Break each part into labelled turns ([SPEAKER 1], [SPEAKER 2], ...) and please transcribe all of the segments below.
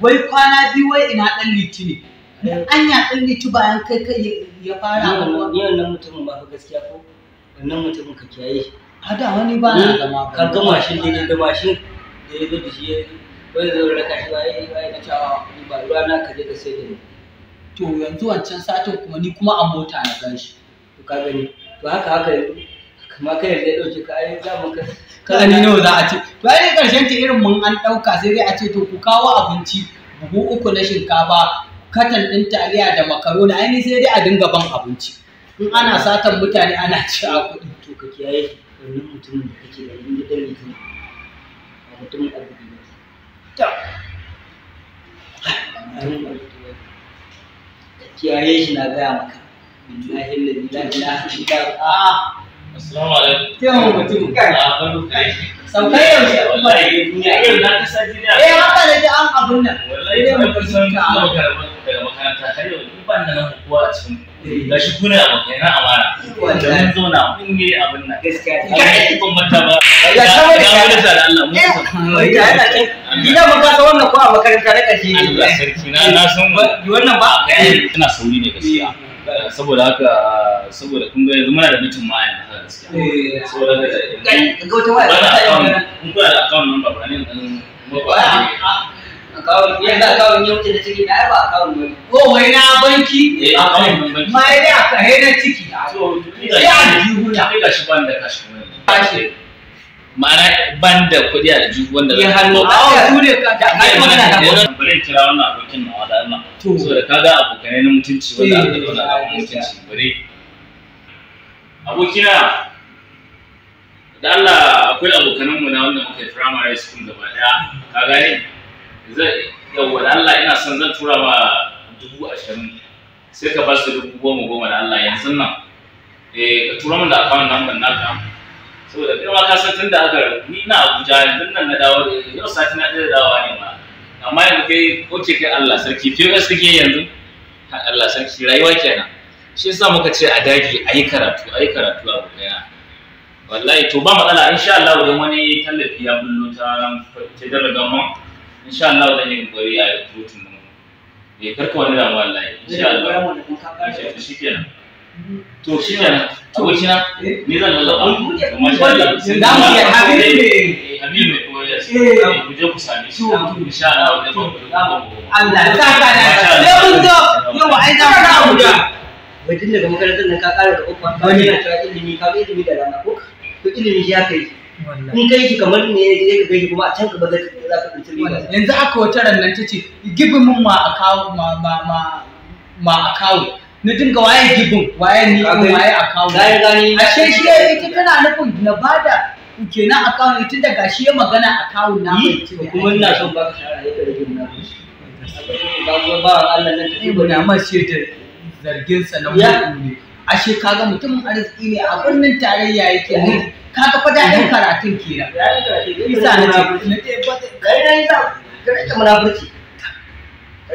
[SPEAKER 1] wai kwana biyu wai ina ɗan liti ne eh. anya ɗan liti bayan kai kai ya fara ba ni wannan
[SPEAKER 2] mutumin ba gaskiya ko wannan mutumin ka kiyaye a da wani ba na hmm? zama ka ga mashin ne da mashin da ya zo da shi wani zai raka shi ba yayi ba cewa ni ba ruwa na ka je ka sai da ni
[SPEAKER 1] to yanzu wancan satin kuma ni kuma a mota na gashi to ka gani to haka haka amma kai zai ya dauke ka ai za mu
[SPEAKER 2] kaza ni nawa za a ce
[SPEAKER 1] to ai karshen ta irin mun an dauka sai dai a ce to ku kawo abinci buhu uku na shinkafa katan din taliya da makaroni ai sai dai a dinga ban abinci in ana satan mutane ana ci a kuɗi to ka kiyaye wannan mutumin da kake da inda da mutum ba mutumin arziki ba to kiyaye shi na gaya maka billahi la ilaha illa allah
[SPEAKER 2] Assalamu alaikum. Kyau mutum ah, kai. A baro kai. San kai yaushe Allah ya yi duniya. Yau na
[SPEAKER 1] Eh haka da ji an abun
[SPEAKER 2] nan. Wallahi da ka makaranta har yau ni ban da kowa a cikin eh. ga shi kuna na abun nan. Gaskiya. Kai kun mata ba. Ya shawo da kai. Ga da Allah mun eh, san. Ya yana kai. Ina mun ka wannan ko a makaranta na kashi. Allah sarki na eh, wannan ba. Ina sauri ne gaskiya. saboda haka saboda kun ga yanzu muna da mutum ma yanzu haka gaskiya eh. saboda haka
[SPEAKER 1] ga
[SPEAKER 2] wata na kun da account number ba ah, ne yanzu da ciki ko wai na banki eh banki ma hena ciki ya ji huna kai ga shi kashi ma'ana ban da kuɗi a jiki wanda ya hannu a wa kure ka
[SPEAKER 1] da kai mana da
[SPEAKER 2] wannan bare kira wannan abokin na wada Allah saboda kaga abokanai na mutunci wanda eh. aka zauna a mutunci bare abokina da Allah akwai abokanan mu na wanda muke yi primary school gaba daya ka gane zai yawa da Allah ina son zan tura ma dubu ashirin sai ka ba su dubu goma goma da Allah yanzu nan eh ka tura min da akawun nan ban naka saboda kai ma ka san tun da aka ni na Abuja yanzu nan na dawo da yau sati na ɗaya dawa ne ma amma yanzu kai oke kai Allah sarki POS kake yanzu Allah sarki rayuwa kenan shi yasa muka ce a dage a yi karatu a yi karatu a bukaya wallahi to ba matsala insha Allah idan wani tallafi ya bullo ta ta darajar mu insha Allah zan yi kokari a rubutun mu eh karka wani damuwa wallahi insha Allah shi kenan to shi ne abokina ne zan lalla ba kuma shi ne da eh? mu ya haɗe ne eh, eh. ku je ku shi Allah da ba Allah ta ka da ne mun zo yau ai da da daga
[SPEAKER 1] makarantar nan ka kare da kokwa ka ne ta ilimi ka ga ilimi da rana ko to ilimi shi ya kai in kai shi kamar ne ya je ka kuma a can ka bazai ka za ka tsinci yanzu aka wata ran nan tace gibin mun ma a kawo ma ma ma a kawo na dinga waye gibin waye ni waye account gani gani she shi ita tana nufin na bada kenan account ita da gashi ya magana account na mai kuma ina son baka shara ya kare gina ba ba Allah nan tafi ba na ma da zargin sa na mutum kaga mutumin arziki ne a birnin tarayya yake kaga fa daɗin karatun kenan isa na ce na ce ba kai ka rike munafurci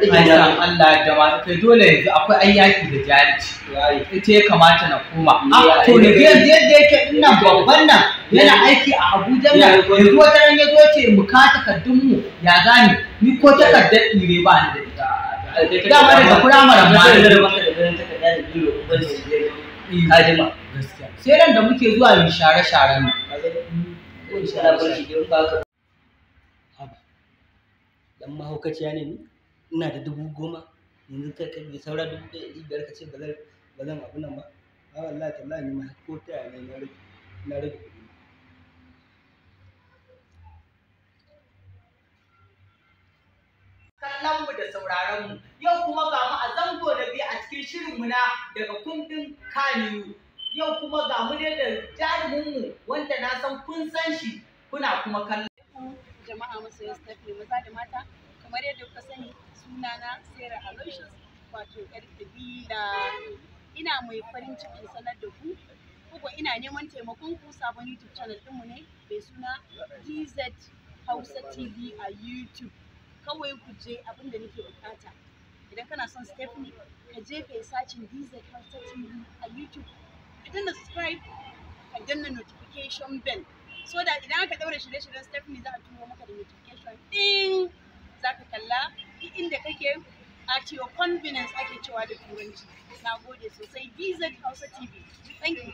[SPEAKER 1] ayyukan Allah da ma dole yanzu akwai ayyaki da jarici ita ya kamata na koma a to ne yanzu yadda yake ina babban nan yana aiki a Abuja nan yanzu wata ran ya zo ce mu ka takardun mu ya gani ni ko takardar ire ba ni da ita da ba da kura mara ma sai nan da muke zuwa mu share-sharen nan dan mahaukaciya ne ni ina da dubu goma yanzu kai kai saura dubu ɗaya ɗari biyar ka ce ba zan ba
[SPEAKER 2] zan abu nan ba a wallahi tallahi ni ma ko ta yaya na rage na rage kuɗi
[SPEAKER 1] kallon mu da sauraron mu yau kuma ga mu a zango da biyu a cikin shirin mu na daga kundin kaniyu yau kuma ga mu ne da jarumin mu wanda na san kun san shi kuna kuma kallon jama'a masoyan stafi maza da mata kamar yadda kuka sani sunana Sarah Aloysius wato yar kabila ina mai farin cikin sanar da ku kuka ina neman taimakon ku sabon YouTube channel ɗinmu ne mai suna DZ Hausa TV a YouTube kawai ku je abinda nake bukata idan kana son Stephanie ka je ka sacin DZ Hausa TV a YouTube ka danna subscribe ka danna notification bell so da idan aka daura shirye-shiryen Stephanie za a turo maka da notification ɗin za ka kalla inda kake at your convenience ake cewa da turanci na gode sosai dz hausa tv thank you